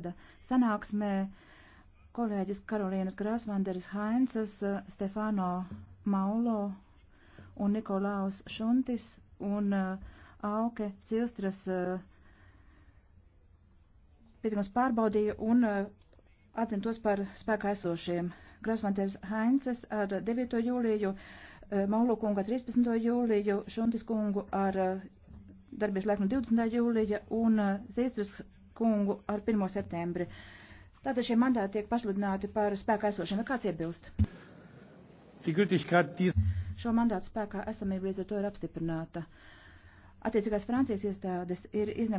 gada sanāksmē kolēģis Karolīnas Grāsvanderis Hainces, eh, Stefano Maulo un Nikolaus Šuntis un uh, Auke Cilstras uh, pietiekams pārbaudīja un uh, atzina tos par spēkā esošiem. Grāsvanderis Hainces ar 9. jūliju, uh, Maulo kungu ar 13. jūliju, Šuntis kungu ar uh, darbiešu laiku no 20. jūlija un uh, Cilstras kungu ar 1. septembri. Tātad šie mandāti tiek pasludināti par spēkā esošiem. Vai kāds iebilst? Šo mandātu spēkā esamība līdz ar to ir apstiprināta. Attiecīgās Francijas iestādes ir izniegušas.